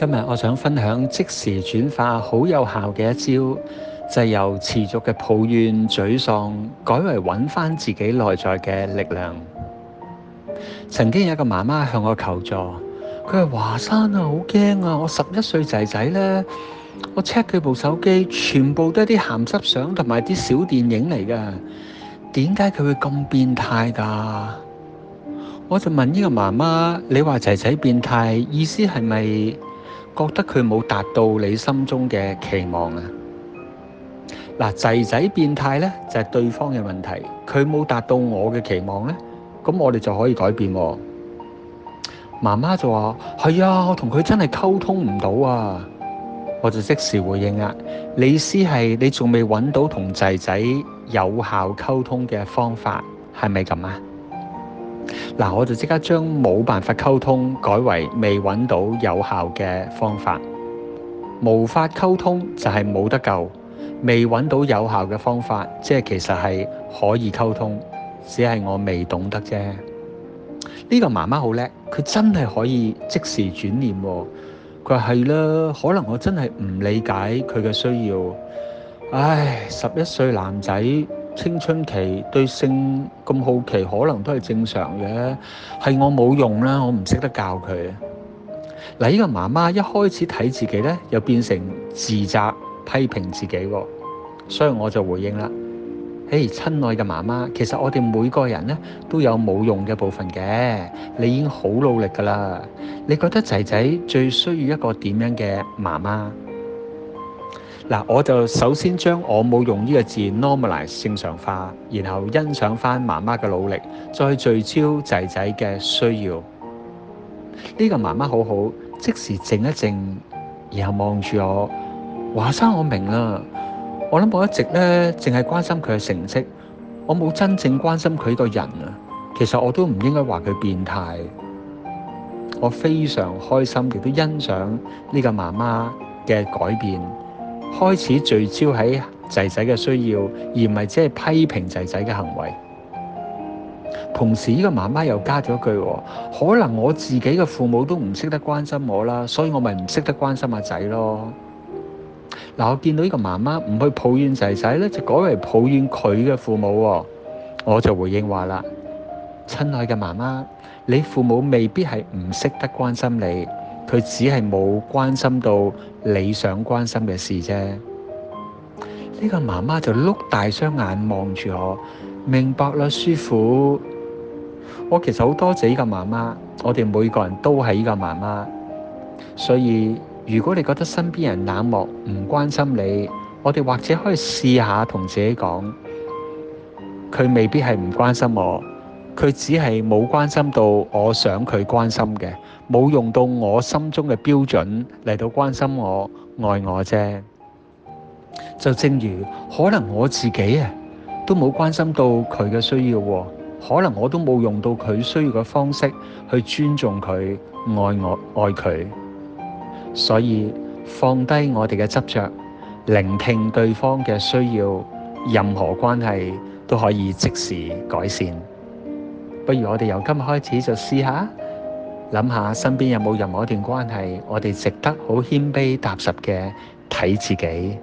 今日我想分享即時轉化好有效嘅一招，就係由持續嘅抱怨沮喪改為揾翻自己內在嘅力量。曾經有一個媽媽向我求助，佢話華山啊，好驚啊！我十一歲仔仔呢，我 check 佢部手機，全部都係啲鹹濕相同埋啲小電影嚟噶，點解佢會咁變態噶？我就問呢個媽媽：你話仔仔變態，意思係咪？覺得佢冇達到你心中嘅期望啊！嗱，仔仔變態咧就係對方嘅問題，佢冇達到我嘅期望咧，咁我哋就可以改變。媽媽就話：係、哎、啊，我同佢真係溝通唔到啊！我就即時回應啊，你意思係你仲未揾到同仔仔有效溝通嘅方法，係咪咁啊？嗱，我就即刻將冇辦法溝通改為未揾到有效嘅方法，無法溝通就係冇得救，未揾到有效嘅方法，即係其實係可以溝通，只係我未懂得啫。呢個媽媽好叻，佢真係可以即時轉念。佢話係啦，可能我真係唔理解佢嘅需要。唉，十一歲男仔，青春期對性咁好奇，可能都係正常嘅。係我冇用啦，我唔識得教佢。嗱，呢個媽媽一開始睇自己咧，又變成自責、批評自己喎。所以我就回應啦：誒，親愛嘅媽媽，其實我哋每個人咧都有冇用嘅部分嘅。你已經好努力㗎啦。你覺得仔仔最需要一個點樣嘅媽媽？嗱，我就首先將我冇用呢個字 normalize 正常化，然後欣賞翻媽媽嘅努力，再聚焦仔仔嘅需要。呢、這個媽媽好好，即時靜一靜，然後望住我。華山，我明啦，我諗我一直咧淨係關心佢嘅成績，我冇真正關心佢個人啊。其實我都唔應該話佢變態。我非常開心，亦都欣賞呢個媽媽嘅改變。開始聚焦喺仔仔嘅需要，而唔係只係批評仔仔嘅行為。同時，呢個媽媽又加咗句，哦：可能我自己嘅父母都唔識得關心我啦，所以我咪唔識得關心阿仔咯。嗱、嗯，我見到呢個媽媽唔去抱怨仔仔咧，就改為抱怨佢嘅父母、哦。我就回應話啦：親愛嘅媽媽，你父母未必係唔識得關心你。佢只係冇關心到你想關心嘅事啫。呢個媽媽就碌大雙眼望住我，明白啦，師傅。我其實好多謝呢個媽媽，我哋每個人都係呢個媽媽。所以，如果你覺得身邊人冷漠唔關心你，我哋或者可以試下同自己講：佢未必係唔關心我，佢只係冇關心到我想佢關心嘅。冇用到我心中嘅標準嚟到關心我、愛我啫。就正如可能我自己啊，都冇關心到佢嘅需要，可能我都冇用到佢需要嘅方式去尊重佢、愛我、愛佢。所以放低我哋嘅執着，聆聽對方嘅需要，任何關係都可以即時改善。不如我哋由今日開始就試下。諗下身邊有冇任何一段關係，我哋值得好謙卑踏實嘅睇自己。